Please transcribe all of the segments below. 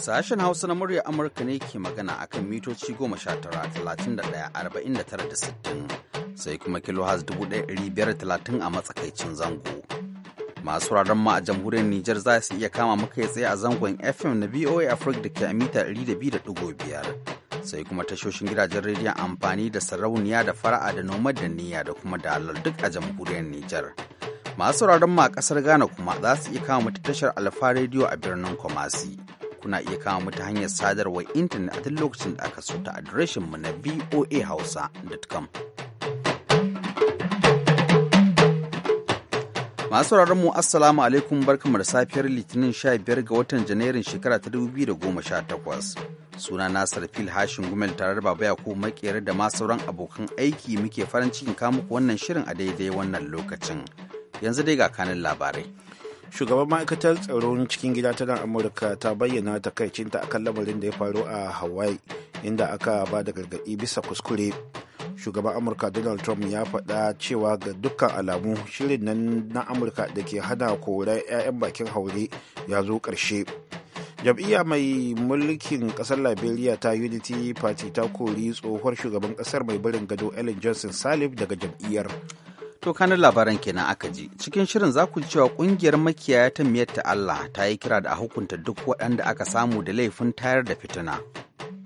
Sashen Hausa na murya Amurka ne ke magana akan mitoci da tara da sittin sai kuma kilohaz 1530 a matsakaicin zango. Masu raron ma a jamhuriyar Nijar za su iya kama muka tsaye a zangon FM na BOA Africa da ke a mita biyar Sai kuma tashoshin gidajen rediyon amfani da sarauniya da fara'a da noma da niyya da kuma dalar duk a jamhuriyar Nijar. Masu sauraron ma a kasar Ghana kuma za su iya kama mutu tashar Alfa Radio a birnin Kumasi. kuna iya kama mu ta hanyar sadarwar intanet a duk lokacin da aka so ta adireshin mu na voahausa.com. Masu mu Assalamu alaikum barkamu da safiyar Litinin 15 ga watan Janairun shekara ta 2018. Suna Nasar Fil Hashin Gumel tare da Baba Yakubu Makera da ma sauran abokan aiki muke farin cikin kamuku wannan shirin a daidai wannan lokacin. Yanzu dai ga kanin labarai. shugaban ma'aikatar tsaron cikin gida ta nan amurka ta bayyana takaicinta kan lamarin da ya faru a hawaii inda aka ba da gargaɗi bisa kuskure shugaban amurka donald trump ya faɗa cewa ga dukkan alamu shirin nan na amurka da ke hana korar 'ya'yan bakin haure ya zo ƙarshe jam'iyya mai mulkin ƙasar liberia ta unity party ta kori tsohuwar shugaban ƙasar mai barin gado ellen johnson salif daga jam'iyyar To kanin labaran kenan aka ji. Cikin shirin za ku ji cewa kungiyar makiyaya ta miyar ta Allah ta yi kira da a hukunta duk waɗanda aka samu da laifin tayar da fitina.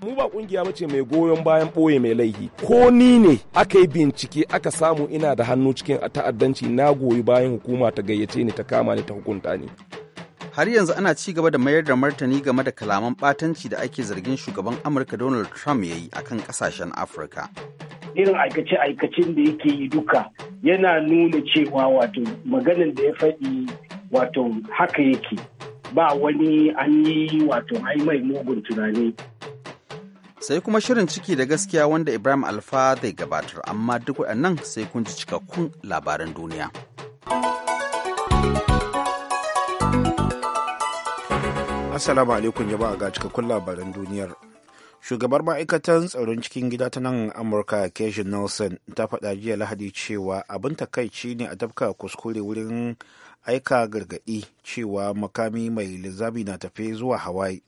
Mu ba kungiya mace mai goyon bayan ɓoye mai laihi. Ko ni ne aka yi bincike aka samu ina da hannu cikin ta'addanci na goyi bayan hukuma ta gayyace ni ta kama ni ta hukunta ni. Har yanzu ana ci gaba da mayar da martani game da kalaman ɓatanci da ake zargin shugaban Amurka Donald Trump ya yi akan ƙasashen Afirka. irin aikace-aikacen da yake yi duka yana nuna cewa wato maganin da ya faɗi wato haka yake ba wani an yi wato ai mai mugun tunani sai kuma shirin ciki da gaskiya wanda ibrahim alfa zai gabatar amma duk waɗannan sai kun ji cikakkun labaran duniya assalamu alaikum ya ba ga cikakkun labaran duniyar shugabar ma'aikatan tsaron cikin gida ta nan amurka keshi nelson ta faɗa jiya lahadi cewa abin takaici ne a tafka kuskure wurin aika gargaɗi cewa makami mai linzami na tafe zuwa hawaii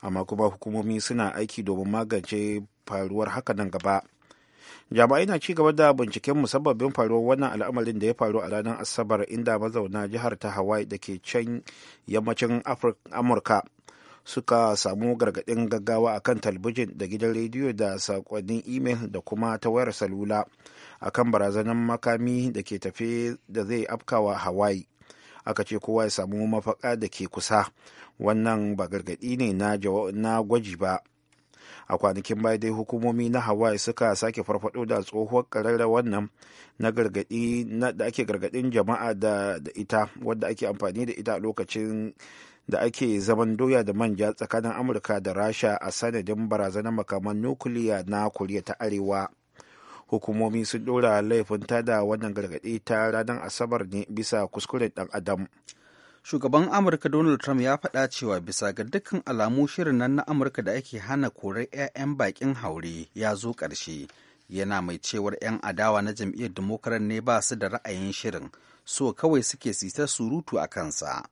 amma kuma hukumomi suna aiki domin magance faruwar haka nan gaba jami'ai na ci gaba da binciken musabbabin faruwar wannan al'amarin da ya faru a ranar asabar inda mazauna jihar ta hawaii da ke can yammacin amurka suka samu gargaɗin gaggawa akan talbijin da gidan rediyo da sakonnin imel da kuma ta wayar salula akan barazanar makami da ke tafe da zai afkawa hawaii aka ce kowa ya samu mafaka da ke kusa wannan ba gargaɗi ne na gwaji ba a kwanakin baya dai hukumomi na hawaii suka sake farfado da tsohuwar karar wannan na gargadi da ake gargadin jama'a da ita wadda ake amfani da ita a lokacin da ake zaman doya da manja tsakanin amurka da rasha a sanadin barazanar makaman nukiliya na koriya ta arewa hukumomi sun dora laifin tada wannan gargaɗi ta ranar asabar ne bisa kuskuren ɗan adam shugaban amurka donald trump ya faɗa cewa bisa ga dukkan alamu shirin nan na amurka da ake hana korar 'ya'yan bakin haure ya zo karshe yana mai cewar 'yan adawa na jam'iyyar democrat ne ba su da ra'ayin shirin so kawai suke sitar surutu a kansa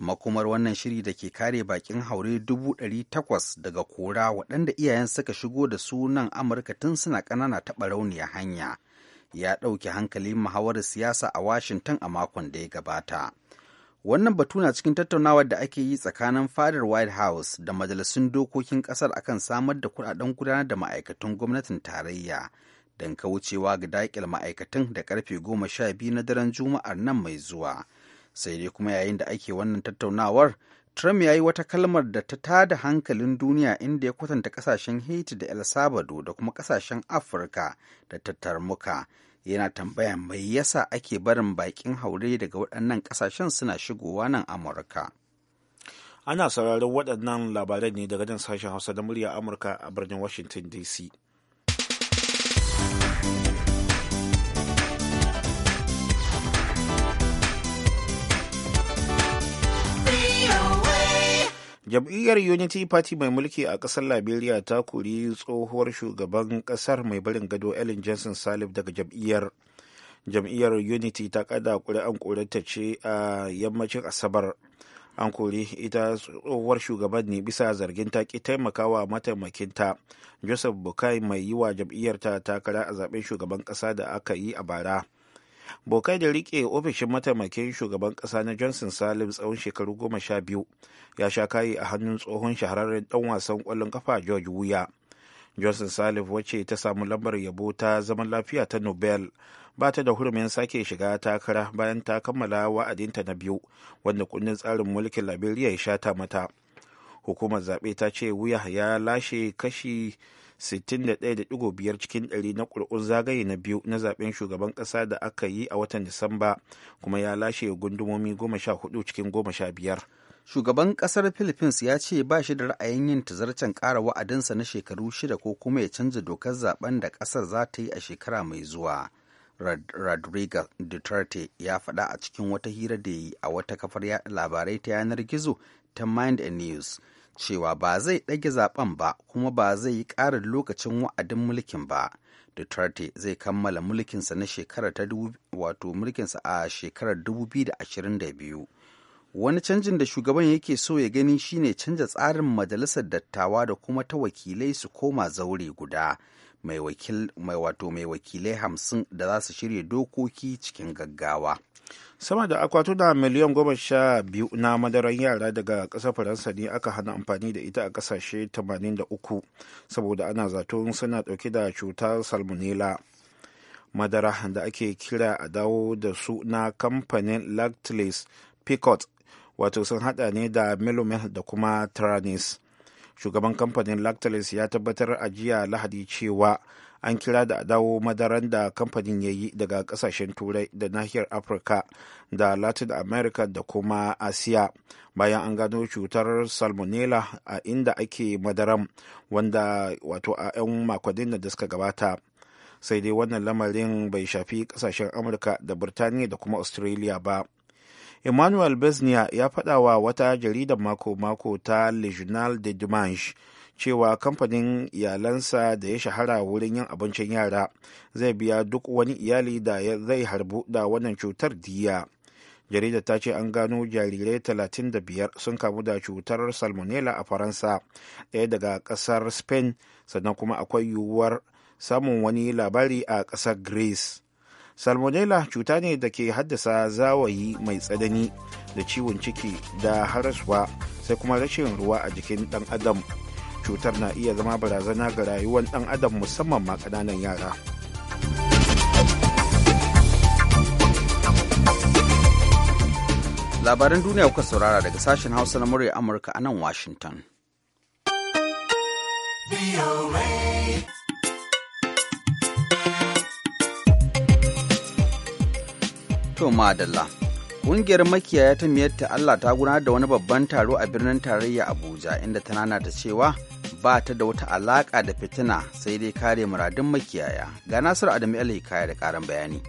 makomar wannan shiri da ke kare bakin haure dubu ɗari takwas daga kora waɗanda iyayen suka shigo da su nan amurka tun suna ƙanana taɓa rauniya hanya ya ɗauki hankalin muhawarar siyasa a washington a makon da ya gabata wannan batu na cikin tattaunawar da ake yi tsakanin fadar white house da majalisun dokokin ƙasar akan samar da kuɗaɗen gudanar da ma'aikatan gwamnatin tarayya don kaucewa ga daƙil ma'aikatan da ƙarfe goma sha biyu na daren juma'ar nan mai zuwa sai dai kuma yayin da ake wannan tattaunawar trump ya yi wata kalmar da ta tada hankalin duniya inda ya kwatanta kasashen haiti da el sabado da kuma kasashen afirka da tattarmuka yana tambaya mai yasa ake barin bakin haure daga waɗannan kasashen suna shigowa nan amurka ana sauraron waɗannan labarai ne daga nan sashen hausa da murya amurka a birnin washington dc jam'iyyar unity party mai mulki a ƙasar liberia ta kori tsohuwar shugaban ƙasar mai barin gado ellen johnson salif daga jam'iyyar jam'iyyar unity ta kada ƙuri'an ƙorata ce a yammacin asabar an kori ita tsohuwar shugaban ne bisa zargin ta ki taimakawa mataimakinta joseph bukai mai yi wa jam'iyyar ta takara a zaben shugaban ƙasa da aka yi a bara bokai da rike ofishin mataimakin shugaban kasa na johnson salim tsawon shekaru goma sha biyu ya sha kayi a hannun tsohon shahararren dan wasan kwallon kafa george wuya johnson salif wacce ta samu lambar yabo ta zaman lafiya ta nobel ba ta da hurumin sake shiga takara bayan ta kammala wa'adinta na biyu wanda kundin tsarin mulkin liberia ya shata mata hukumar zaɓe ta ce wuya ya lashe kashi 61.5 cikin 100 na kurkun zagaye na biyu na zaben shugaban ƙasa da aka yi a watan Disamba kuma ya lashe gundumomi 14 cikin 15. Shugaban kasar Philippines ya ce ba shi da ra'ayin yin tazarcen ƙara wa'adinsa na shekaru shida ko kuma ya canza dokar zaben da ƙasar za ta yi a shekara mai zuwa. Rodriguez Duterte ya faɗa a cikin wata hira da yi a wata kafar labarai ta yanar gizo ta Mind and News. cewa ba zai ɗage zaben ba kuma ba zai yi ƙarin lokacin wa'adin mulkin ba. Duterte zai kammala mulkinsa na shekarar ta wato mulkinsa a shekarar 2022. Wani canjin da shugaban yake so ya gani shine canja tsarin majalisar dattawa da kuma ta wakilai su koma zaure guda mai wato mai wakilai hamsin da za su shirya dokoki cikin gaggawa sama da akwatuna miliyan goma sha biyu na madarar yara daga ƙasar faransa ne aka hana amfani da ita a ƙasashe 83 saboda ana zaton suna ɗauke da cutar salmonella madara da ake kira a dawo da su na kamfanin lactlis picot wato sun hada ne da milomel da kuma tranis shugaban kamfanin lactalis ya tabbatar a jiya lahadi cewa an kira da dawo madaran da kamfanin ya yi daga kasashen turai da nahiyar afirka da latin america da kuma asiya bayan an gano cutar salmonella a inda ake madaran wanda wato a 'yan makonnin da suka gabata sai dai wannan lamarin bai shafi kasashen amurka da birtaniya da kuma australia ba emmanuel besnia ya faɗa wa wata jaridar mako-mako ta le journal de dimanche cewa kamfanin iyalansa da ya shahara wurin yin abincin yara zai biya duk wani iyali da zai harbu da wannan cutar diya jaridar ta ce an gano jarirai 35 sun kamu da cutar salmonella a faransa ɗaya daga ƙasar spain sannan kuma akwai yiwuwar samun wani labari a ƙasar greece salmonella cuta ne da ke haddasa zawayi mai tsanani da ciwon ciki da haraswa sai kuma rashin ruwa a jikin ɗan adam cutar na iya zama barazana ga rayuwar ɗan adam musamman ma kananan yara labaran duniya kuka saurara daga sashen hausa na murya amurka a nan washington To madalla. Ƙungiyar makiyaya ta miyar ta Allah ta gudanar da wani babban taro a birnin tarayya Abuja inda ta nana ta cewa ba ta da wata alaƙa da fitina sai dai kare muradun makiyaya. Ga Nasiru Adamu Alhikaya da ƙarin bayani.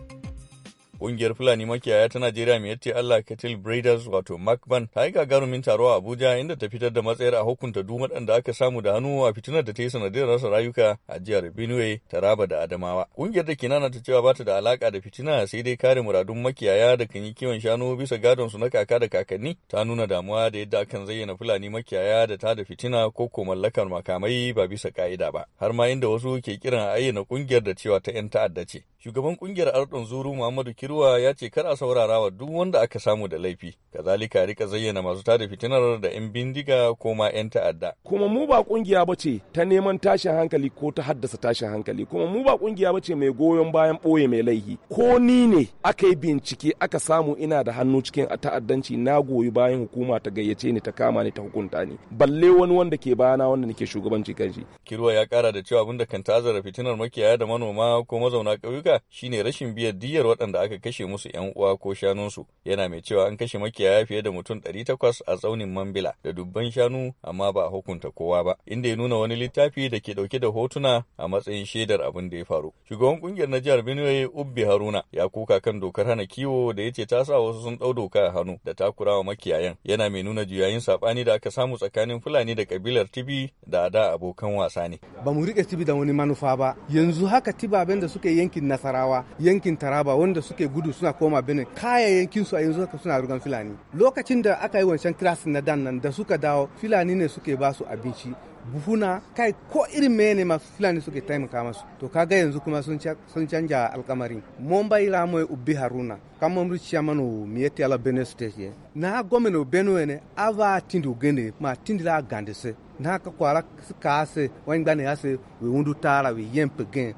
Ƙungiyar Fulani makiyaya ta Najeriya mai yace Allah Cattle Breeders wato Macban ta yi gagarumin taro a Abuja inda ta fitar da matsayar a hukunta duk waɗanda aka samu da hannu a fitinar da ta yi sanadiyar rasa rayuka a jihar Benue, ta raba da Adamawa. kungiyar da kinana ta cewa bata da alaka da fitina sai dai kare muradun makiyaya da kan yi kiwon shanu bisa gadon su na kaka da kakanni ta nuna damuwa da yadda akan zayyana Fulani makiyaya da ta da fitina ko ko mallakar makamai ba bisa ka'ida ba. Har ma inda wasu ke kiran ayyana ƙungiyar da cewa ta 'yan ta'adda ce. Shugaban ƙungiyar Ardon Zuru Muhammadu Kiruwa ya ce kar a saurara wa duk wanda aka samu da laifi, kazalika rika zayyana masu tada fitinar da 'yan bindiga ko ma 'yan ta'adda. Kuma mu ba kungiya ba ce ta neman tashin hankali ko ta haddasa tashin hankali, kuma mu ba kungiya ba ce mai goyon bayan ɓoye mai laifi. Ko ni ne aka yi bincike aka samu ina da hannu cikin ta'addanci na goyi bayan hukuma ta gayyace ni ta kama ni ta hukunta ni. Balle wani wanda ke bayana wanda nake shugabanci kan shi. Kiruwa ya kara da cewa abinda kan tazara fitinar makiyaya da manoma ko mazauna ƙauyuka shine rashin biyan diyyar waɗanda aka kashe musu 'yan uwa ko shanunsu yana mai cewa an kashe makiyaya fiye da mutum 800 a tsaunin mambila da dubban shanu amma ba a hukunta kowa ba inda ya nuna wani littafi da ke dauke da hotuna a matsayin shaidar abin da ya faru shugaban kungiyar na jihar benue ubbi haruna ya kuka kan dokar hana kiwo da ya ce ta sa wasu sun ɗau doka a hannu da takurawa makiyayan yana mai nuna juyayin saɓani da aka samu tsakanin fulani da kabilar tibi da ada abokan wasa ne ba mu rike tibi da wani manufa ba yanzu haka tibaben da suke yankin nasarawa yankin taraba wanda suke gudu suna koma benin kayayyakin su a yanzu haka suna rugan filani lokacin da aka yi wancan kiras na dan nan da suka dawo filani ne suke ba su abinci buhuna kai ko irin ne ma filani suke taimaka masu to kaga yanzu kuma sun canja alkamari mon bai ramo ubbi haruna kamon ri chiamano mieti ala benin state na gomino benue ne ava tindu gende ma tindila gandese na ka kwara kaase wani gbani ase we wundu tara we yempe gen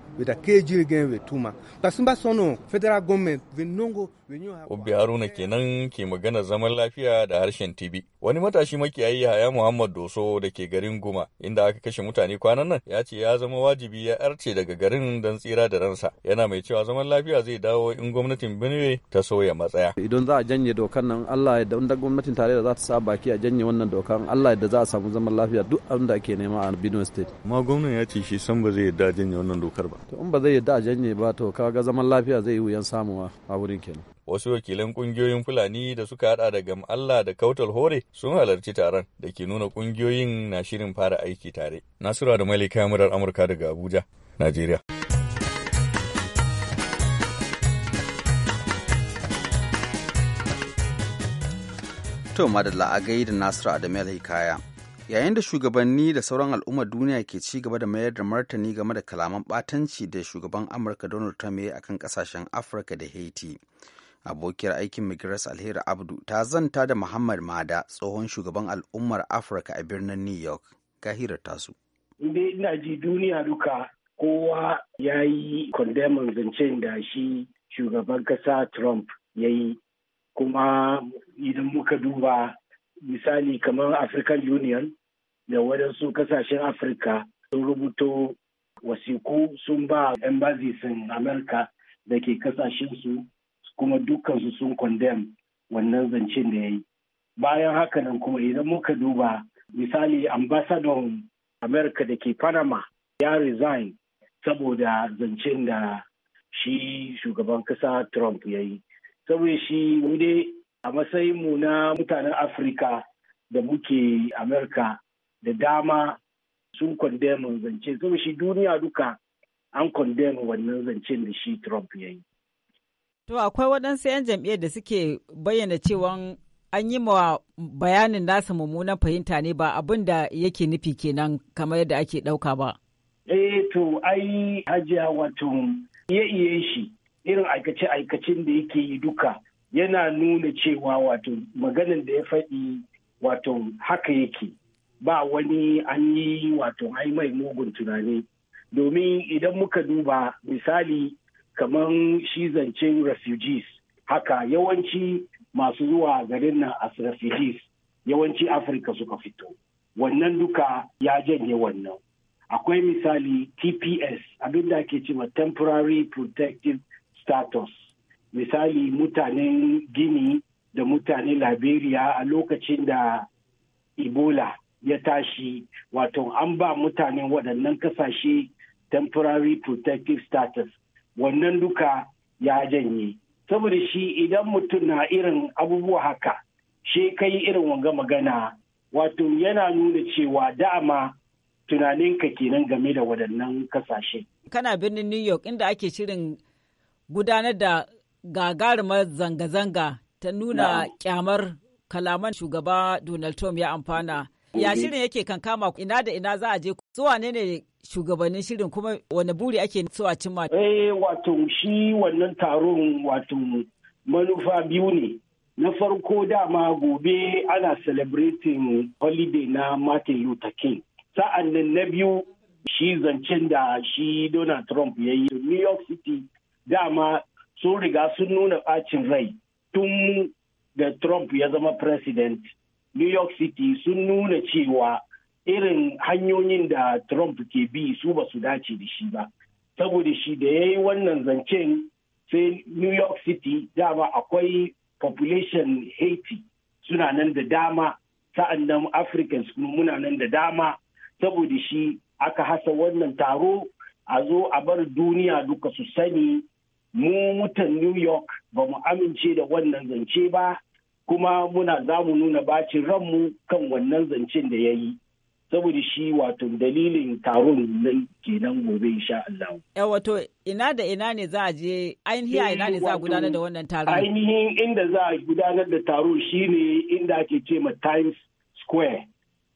federal Ubbi Haruna kenan ke magana zaman lafiya da harshen Tibi. Wani matashi makiyayi Haya Muhammad Doso da ke garin Guma inda aka kashe mutane kwanan nan ya ce ya zama wajibi ya arce daga garin don tsira da ransa. Yana mai cewa zaman lafiya zai dawo in gwamnatin Benue ta sauya matsaya. Idan za a janye dokan nan Allah ya da gwamnatin tare da za ta sa baki a janye wannan dokan Allah ya da za a samu zaman lafiya duk abinda da ake nema a Benue State. Amma gwamnan ya ce shi san ba zai yarda janye wannan dokar ba. to in ba zai yadda a janye ba to ga zaman lafiya zai yi wuyan samuwa a wurin kenan wasu wakilan kungiyoyin fulani da suka hada da gam Allah da kautal hore sun halarci taron da ke nuna kungiyoyin na shirin fara aiki tare nasura da malika murar amurka daga abuja najeriya to madalla a da nasiru adamu kaya. yayin da shugabanni da sauran al'ummar duniya ke ci gaba da mayar da martani game da kalaman batanci da shugaban amurka donald trump ya yi akan kasashen afirka da haiti abokiyar aikin migras alheri abdu ta zanta da muhammad mada tsohon shugaban al'ummar afirka a birnin new york hirar tasu ina duniya duka kowa ya yi zancen da shi shugaban kasa trump ya yi kuma idan muka duba misali kamar African Union da wadansu kasashen Afirka sun rubuto wasiku sun ba embassies Amerika da ke kasashensu kuma dukansu sun condemn wannan zancen da ya yi. Bayan haka nan kuma idan muka duba misali ambassador Amerika da ke Panama ya resign saboda zancen da shi shugaban kasa Trump ya yi. Saboda shi wani a mu na mutanen afirka da muke amurka da dama sun condemn zance saboda shi duniya duka an condemn wannan zancen da shi trump ya yi to akwai waɗansu 'yan jam'iyyar da suke bayyana cewa an yi ma bayanin nasa mummunan fahimta ne ba abin da yake nufi kenan kamar yadda ake ɗauka ba eh to ai hajiya wato iya iye shi irin aikace-aikacen da yake yi duka yana nuna cewa wato maganin da ya faɗi wato haka yake ba wani an yi wato ai mai mugun tunani domin idan muka duba misali kamar shi zancen refugees haka yawanci masu zuwa garin nan as refugees yawanci afirka suka fito wannan duka ya janye wannan akwai misali tps abinda ake cewa temporary protective status misali mutanen gini da mutanen liberia a lokacin da ebola ya tashi wato an ba mutanen waɗannan kasashe temporary protective status wannan duka ya janye saboda shi idan mutum na irin abubuwa haka shi kai irin wanga magana wato yana nuna cewa dama tunaninka kenan game da waɗannan kasashe kana birnin new york inda ake shirin gudanar da gagarumar zanga-zanga ta nuna kyamar kalaman shugaba Donald Trump ya amfana. Ya shirin yake kankama ina da ina za a je zuwa ne ne shugabannin shirin kuma wani buri ake so a cimma. Eh wato shi wannan taron wato manufa biyu ne. Na farko dama gobe ana celebrating holiday na Martin Luther King. Sa'an nan na biyu shi zancen da shi Donald Trump ya yi New York City dama sun riga sun nuna ɓacin rai tun da Trump ya zama president. New York City sun nuna cewa irin hanyoyin da Trump ke bi su ba su dace da shi ba. Saboda shi da ya yi wannan zancen sai New York City dama akwai population Haiti suna nan da dama sa'an nan Africans muna nan da dama saboda shi aka hasa wannan taro a zo a bar duniya duka su sani mu mutan new york ba mu amince da wannan zance ba kuma muna za mu nuna bacin ranmu kan wannan zancen da ya yi saboda shi wato dalilin taron nan kenan gobe insha Allah. Eh wato ina da ina ne za a je ainihi a ina ne za a eh, gudanar da wannan taron? Ainihin inda za a gudanar da taro ne inda ake ce ma Times Square.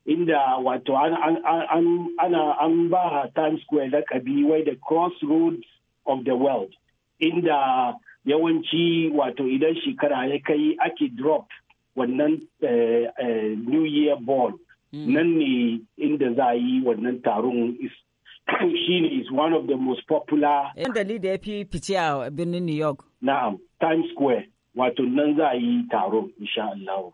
Inda wato ana an ba Times Square lakabi wai da crossroads of the world. inda yawanci wato idan shekara ya kai ake drop wannan eh, eh, new year ball hmm. nan ne inda za a yi wannan taron shi ne is one of the most popular dali da ya fi fice a birnin new york na'am times square wato nan za a yi taron insha Allah.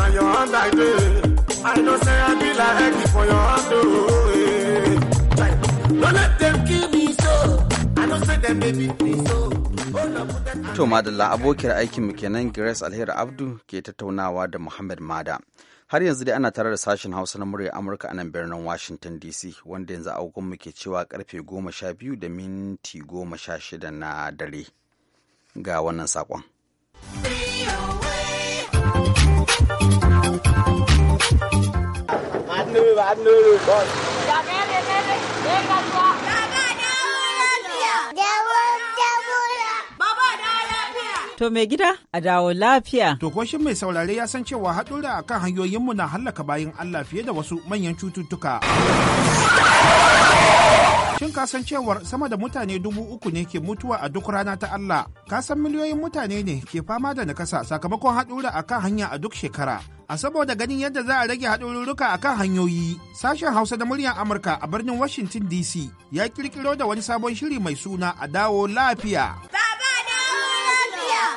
I dey. I know say I be like for your hand. Oh, eh. like, don't let them keep To madalla abokiyar aikinmu kenan Grace Alheri Abdu ke tattaunawa da Muhammad Mada. Har yanzu dai ana tare da sashen Hausa na murya Amurka a nan birnin Washington DC wanda yanzu mu ke cewa karfe goma da minti goma sha shida na dare ga wannan saƙon. Annuru, annuru, To mai gida a dawo lafiya. To ko shin mai saurare ya san cewa haɗura a kan hanyoyinmu na hallaka bayan Allah fiye da wasu manyan cututtuka. Shin ka san cewar sama da mutane dubu uku ne ke mutuwa a duk rana ta Allah? Ka san miliyoyin mutane ne ke fama da nakasa sakamakon haɗura a kan hanya a duk shekara. A saboda ganin yadda za a rage haɗururruka a kan hanyoyi, sashen Hausa da muryar Amurka a birnin Washington DC ya ƙirƙiro da wani sabon shiri mai suna a dawo lafiya.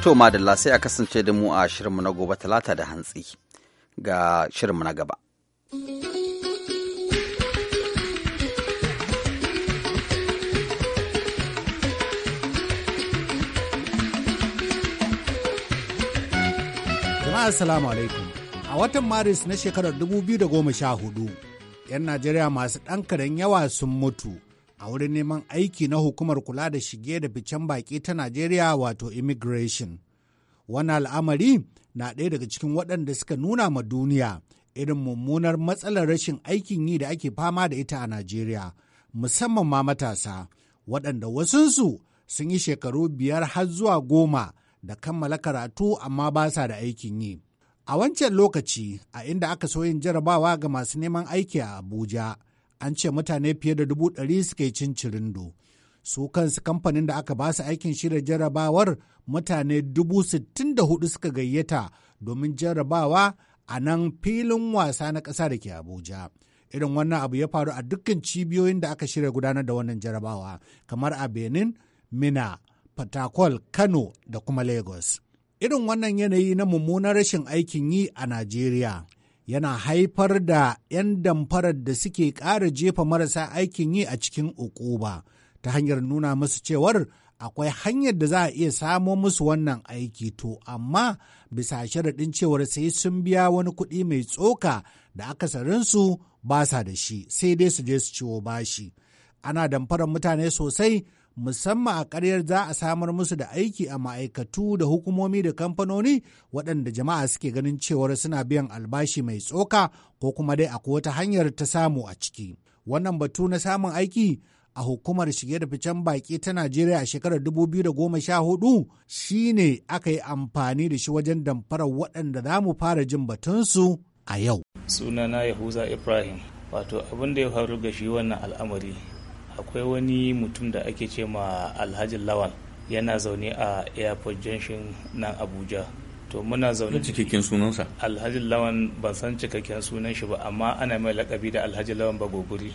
To madalla sai a kasance da mu a shirinmu na gobe talata da hantsi ga shirinmu na gaba. Jama'a Assalamu alaikum. A watan Maris na shekarar 2014, 'yan Najeriya masu ɗan yawa sun mutu. a wurin neman aiki na hukumar kula da shige da ficen baƙi ta Najeriya wato immigration. Wani al'amari na ɗaya daga cikin waɗanda suka nuna ma duniya irin mummunar matsalar rashin aikin yi da ake fama da ita a Najeriya, musamman ma matasa, waɗanda wasunsu sun yi shekaru biyar har zuwa goma da kammala karatu amma ba sa da aikin yi. A wancan lokaci, a inda aka so yin jarabawa ga masu neman aiki a Abuja, an ce mutane fiye da dubu ɗari suka yi cirindo su kansu kamfanin da aka ba su aikin shirya jarabawar mutane dubu sittin da hudu suka gayyata domin jarabawa a nan filin wasa na ƙasa da ke abuja irin wannan abu ya faru a dukkan cibiyoyin da aka shirya gudanar da wannan jarabawa kamar a benin mina Fatakwal, kano da kuma lagos irin wannan yanayi na mummunar rashin aikin yi a najeriya yana haifar da 'yan damfarar da suke ƙara jefa marasa aikin yi a cikin ukuba ta hanyar nuna musu cewar akwai hanyar da za a iya samo musu wannan aiki to amma bisa sharaɗin cewar sai sun biya wani kuɗi mai tsoka da akasarinsu ba sa da shi sai dai su je su ciwo bashi ana damfarar mutane sosai musamman a ƙaryar za a samar musu da aiki a ma'aikatu da hukumomi da kamfanoni waɗanda jama'a suke ganin cewar suna biyan albashi mai tsoka ko kuma dai akwai wata hanyar ta samu a ciki. Wannan batu na samun aiki a hukumar shige da ficen baki ta Najeriya a shekarar 2014 shine aka yi amfani da shi wajen damfarar waɗanda za mu fara jin batunsu a yau. Sunana Yahuza Ibrahim, wato abin da ya faru ga shi wannan al'amari akwai wani mutum da ake ce ma alhaji lawal yana zaune a airport junction nan abuja to muna zaune cikakken sunansa alhaji lawan ban san cikakken sunan shi ba amma ana mai lakabi da alhaji lawan bagoguri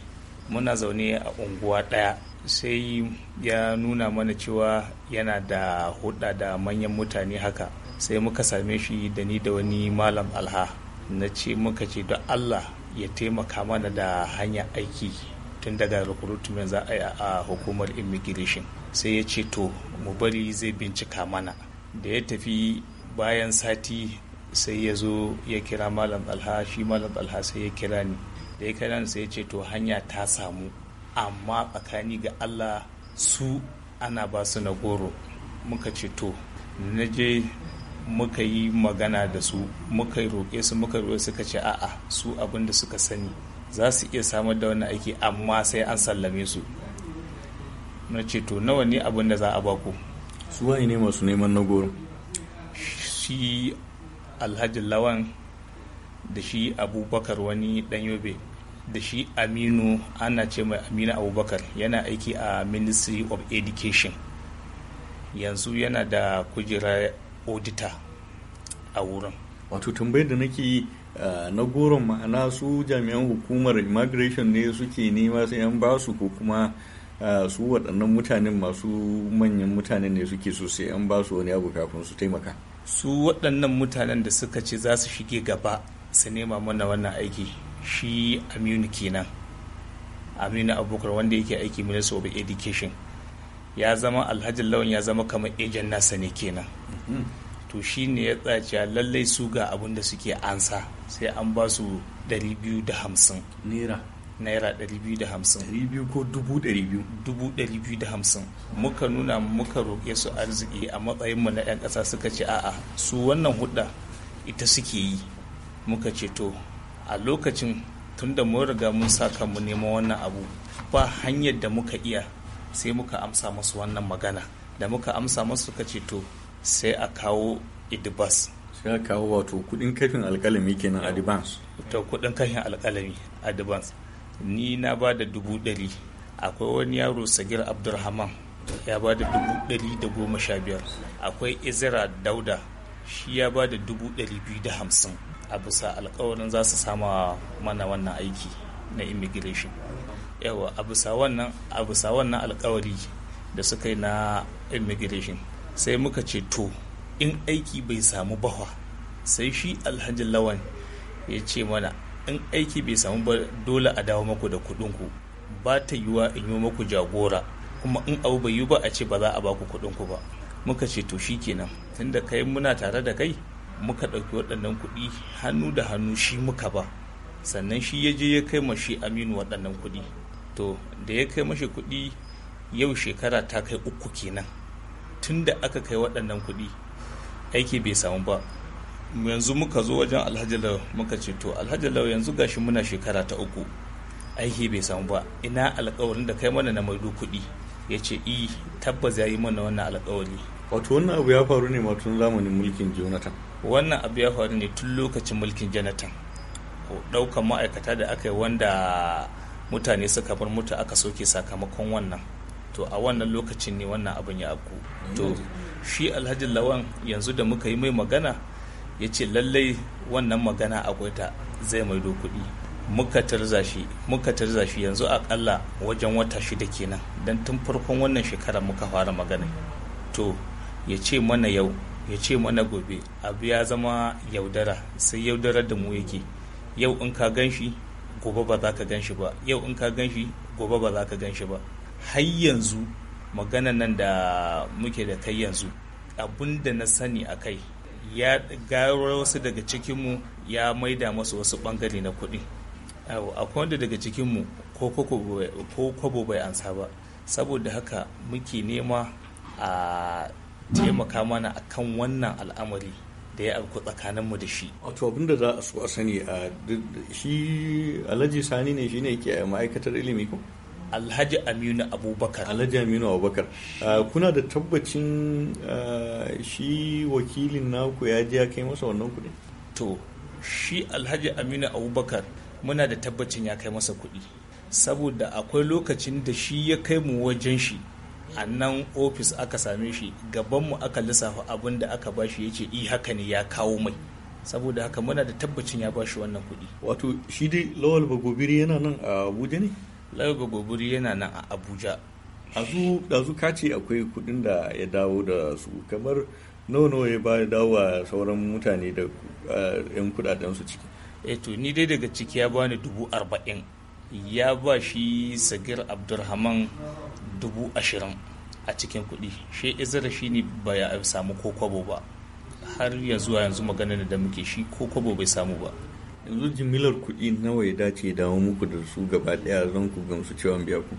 muna zaune a unguwa ɗaya sai ya nuna mana cewa yana da hudda da manyan mutane haka sai muka same shi da ni da wani malam alha na ce muka ce don allah ya taimaka mana da hanyar aiki tun daga recruitment za a yi a hukumar immigration sai ya ce to mu bari zai bincika mana da ya tafi bayan sati sai ya zo ya kira malam alha shi malam alha sai ya kira ni da ya kira sai ya ce to hanya ta samu amma tsakani ga allah su ana ba su na goro muka ce to na je muka yi magana da su muka roƙe su muka roƙe suka ce a'a su abin da suka sani za su iya samar da wani aiki amma sai an sallame su na ce to nawa ne abin da za a baku su waye ne masu neman na goro shi alhaji lawan da shi abubakar wani dan yobe da shi aminu ana ce mai aminu abubakar yana aiki a ministry of education yanzu yana da kujerar auditor a wurin wato tambayar da nake Eh, na goron ma'ana su jami'an hukumar immigration ne suke nema sai an ba su ko kuma eh, su waɗannan mutanen masu manyan mutanen ne suke so sai an ba su wani abu kafin su taimaka su waɗannan mutanen da suka ce za su shige gaba su nema mana wannan aiki shi aminu kenan aminu abubakar wanda yake aiki minister of education ya zama alhaji lawan ya zama kamar ejen nasa ne kenan mhm. to ne ya tsaci lallai su ga abin da suke ansa sai an ba su 250 naira naira 250 ko 250 muka nuna muka roƙe su arziki a matsayinmu na 'yan ƙasa suka ce a'a su wannan hudda ita suke yi muka ce to a lokacin tunda mun riga mun sa mu neman wannan abu ba hanyar da muka iya sai muka amsa masu wannan magana da muka amsa masu suka ce to sai a kawo idibas sai a kawo wato kudin kafin alkalami kenan advance to kudin kafin alkalami advance ni na ba da dubu ɗari akwai wani yaro sagir abdulrahman ya ba da dubu ɗari da goma sha biyar akwai izira dauda shi ya ba da dubu ɗari biyu da hamsin a bisa alkawarin za su sama mana wannan aiki na immigration yawa a bisa wannan alkawari da suka yi na immigration sai muka ce to in aiki bai samu bahwa sai shi alhaji lawan ya ce mana in aiki bai samu ba dole a dawo maku da kuɗinku ba ta yiwa in yi maku jagora kuma in abu bai yi ba a ce ba za a ba ku kuɗinku ba muka ce to shikenan tunda kai muna tare da kai muka ɗauki waɗannan kuɗi hannu da hannu shi muka ba sannan shi ya je ya kai ma shi aminu waɗannan kuɗi to da ya kai mashi kuɗi yau shekara ta kai uku kenan tun da aka kai waɗannan kuɗi aiki bai samu ba yanzu muka zo wajen alhaji lau muka ce to alhaji lau yanzu gashi muna shekara ta uku aiki bai samu ba ina alkawarin da kai mana na maido kuɗi ya ce i e, tabbas ya yi mana wannan alkawari wato wannan abu ya faru ne ma tun zamanin mulkin jonathan wannan abu ya faru ne tun lokacin mulkin jonathan ɗaukan ma'aikata da aka yi wanda mutane suka bar mutu aka soke sakamakon wannan to a wannan lokacin ne wannan abin ya aku to shi alhaji lawan yanzu da muka yi mai magana ya ce lallai wannan magana akwai ta zai maido kuɗi muka tarza shi muka tarza shi yanzu akalla wajen wata shida kenan don tun farkon wannan shekara muka fara magana to ya ce mana yau ya ce mana gobe abu ya zama yaudara sai yaudarar da mu yake yau in ka gan shi gobe ba za ka gan shi ba yau in ka gan shi gobe ba za ka gan shi ba har yanzu magana nan da muke da kai yanzu abun da na sani a kai ya gawar wasu daga cikinmu ya maida masu wasu bangare na kuɗi akwai wanda daga cikinmu ko kwabo bai ansa ba saboda haka muke nema a taimaka mana a kan wannan al'amari da ya auku tsakaninmu da shi. Wato abinda za a so a sani a shi alhaji sani ne shi ne ke ma'aikatar ilimi ko? alhaji aminu abubakar alhaji aminu abubakar ah, kuna da tabbacin ah, shi wakilin naku ya je ya kai masa wannan kuɗi to shi alhaji aminu abubakar muna da tabbacin ya kai masa kuɗi saboda akwai lokacin da shi ya kai mu wajen shi a nan ofis aka same shi gabanmu aka lissafa abin da aka bashi ya ce i haka ne ya kawo mai saboda haka muna da tabbacin ya ba shi wannan kuɗi wato shi dai lawal bagobiri yana nan a abuja ne Lagos Gobiri yana nan a Abuja. A ka ce akwai kuɗin da ya dawo da su kamar nawa ya ba ya dawo a sauran mutane da yan kudaden su ciki. Eto eh ni dai daga ciki ya bani dubu arba'in ya ba shi Sagir abdurrahman dubu ashirin a cikin kuɗi. Shi Izira shi ne ba ya samu ko ba. Har ya zuwa yanzu magana da muke shi ko bai samu ba. yanzu jimillar kuɗi nawa ya dace dawo muku da su gaba ɗaya zan ku gamsu cewa biya ku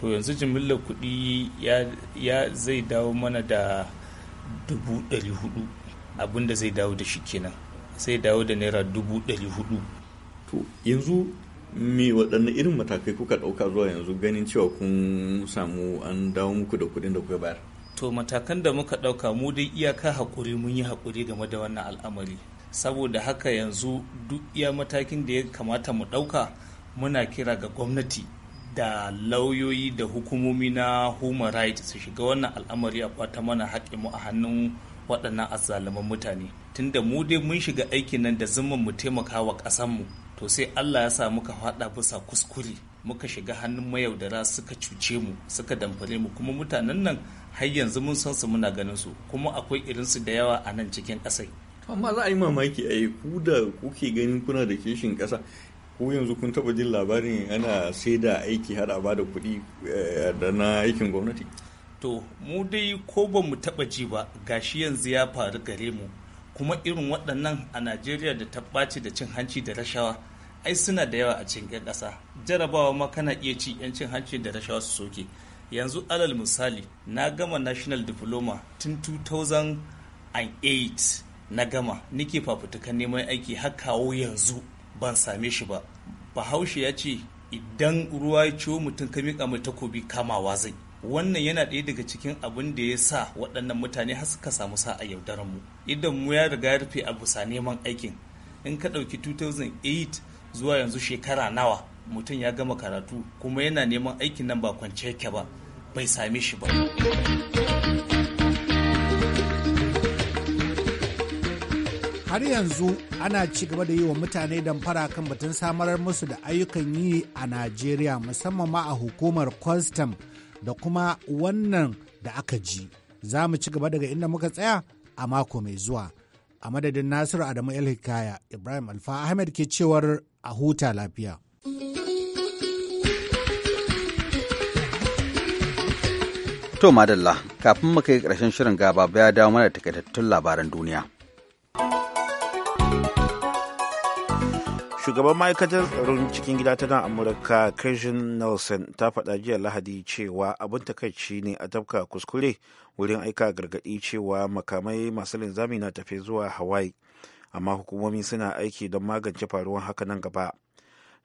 to yanzu jimillar kuɗi ya zai dawo mana da dubu ɗari hudu abinda zai dawo da shi kenan sai dawo da naira dubu ɗari hudu to yanzu me waɗanne irin matakai kuka ɗauka zuwa yanzu ganin cewa kun samu an dawo muku da kuɗin da kuka bayar to matakan da muka ɗauka mu dai iyaka haƙuri mun yi haƙuri game da wannan al'amari saboda haka yanzu duk iya matakin da ya kamata mu ɗauka muna kira ga gwamnati da lauyoyi da hukumomi na human rights su shiga wannan al'amari a kwata mana mu a hannun waɗannan azzaluman mutane tunda mu dai mun shiga aikin nan da zumman mu taimaka wa mu to sai allah ya sa muka faɗa bisa kuskure muka shiga hannun mayaudara suka cuce mu suka damfare mu kuma mutanen nan har yanzu mun san su muna ganin su kuma akwai irinsu da yawa a nan cikin ƙasai amma za a yi mamaki a yi ku da kuke ganin kuna da kishin kasa ko yanzu kun taba jin labarin ana sai da aiki har a ba da kuɗi eh, da na aikin gwamnati to mu dai ko ba mu taɓa ji ba gashi yanzu ya faru gare mu kuma irin waɗannan a najeriya da ta da cin hanci da rashawa ai suna da yawa a cikin ƙasa jarabawa ma kana iya ci 'yan cin hanci da rashawa su soke yanzu alal misali na gama national diploma tun 2008 na gama nike fafutukan neman aiki har kawo yanzu ban same shi ba bahaushe ya ce idan ruwa ya ciwo mutum ka miƙa mai takobi kamawa zai wannan yana ɗaya daga cikin abin da ya sa waɗannan mutane har suka samu sa a yaudaran mu idan mu ya riga ya rufe a bisa neman aikin in ka ɗauki 2008 zuwa yanzu shekara nawa mutum ya gama karatu kuma yana neman aikin nan ba kwance yake ba bai same shi ba har yanzu ana ci gaba da yi wa mutane damfara kan batun samar musu da ayyukan yi a najeriya musamman ma a hukumar kwastam da kuma wannan da aka ji za mu ci gaba daga inda muka tsaya a mako mai zuwa a madadin nasiru adamu el hikaya ibrahim alfa ahmed ke cewar a huta lafiya to madalla kafin muka yi karshen shirin gaba ya dawo mana takaitattun labaran duniya shugaban ma'aikatar tsaron cikin gida ta nan amurka kirsten nelson ta faɗa jiya lahadi cewa abin takaici ne a tafka kuskure wurin aika gargaɗi cewa makamai masu linzami na tafe zuwa hawaii amma hukumomi suna aiki don magance faruwar haka nan gaba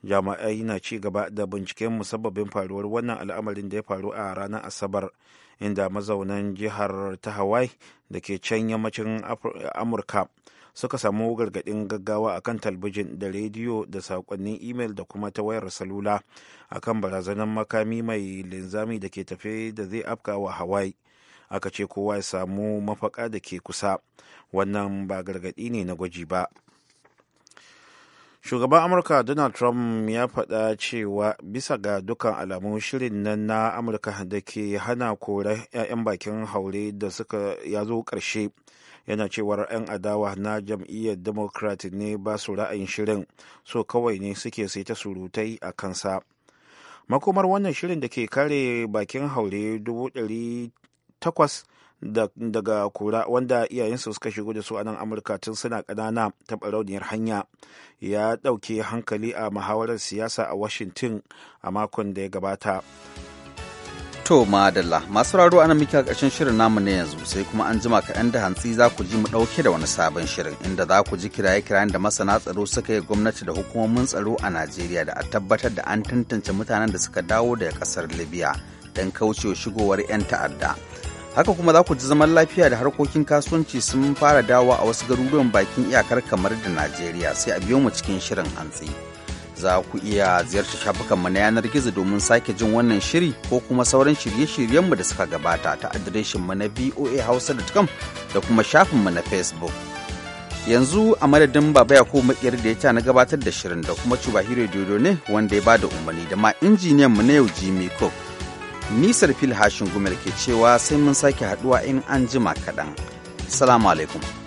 jami'ai na ci gaba da binciken musabbabin faruwar wannan al'amarin da ya faru a ranar asabar inda mazaunan jihar ta hawaii da ke can yammacin amurka suka samu gargaɗin gaggawa a kan talbijin da rediyo da saƙonnin imel da kuma ta wayar salula a kan barazanar makami mai linzami da ke tafe da zai afka wa hawaii aka ce kowa ya samu mafaka da ke kusa wannan ba gargaɗi ne na gwaji ba shugaban amurka donald trump ya faɗa cewa bisa ga dukkan alamu shirin nan na amurka da ke hana kore 'ya'yan bakin haure da suka ya zo ƙarshe yana cewar 'yan adawa na jam'iyyar democrat ne ba su ra'ayin shirin so kawai ne suke sai ta surutai a kansa makomar wannan shirin da ke kare bakin haure 800 daga kura wanda iyayensu suka shigo da su a nan amurka tun suna ƙanana ta barauniyar hanya ya ɗauke hankali a muhawarar siyasa a washington a makon da ya gabata To madalla masu raro ana a ƙarshen shirin namu ne yanzu sai kuma an jima kaɗan da hantsi za ku ji mu ɗauke da wani sabon shirin inda za ku ji kiraye kirayen da masana tsaro suka yi gwamnati da hukumomin tsaro a Najeriya da a tabbatar da an tantance mutanen da suka dawo daga ƙasar Libya don kaucewa shigowar 'yan ta'adda. haka kuma za ku ji zaman lafiya da harkokin kasuwanci sun fara dawo a wasu garuruwan bakin iyakar kamar da najeriya sai a biyo mu cikin shirin hantsi za ku iya ziyarci shafukanmu na yanar gizo domin sake jin wannan shiri ko kuma sauran shirye-shiryenmu da suka gabata ta adireshinmu na Hausa da kuma shafinmu na facebook yanzu a madadin baba yakubu makiyar da ya ta na gabatar da shirin da kuma cuba hiro dodo ne wanda ya ba da umarni da ma injiniyan mu na yau jimmy cook nisar fil hashin gumel ke cewa sai mun sake haduwa in an jima kaɗan salamu alaikum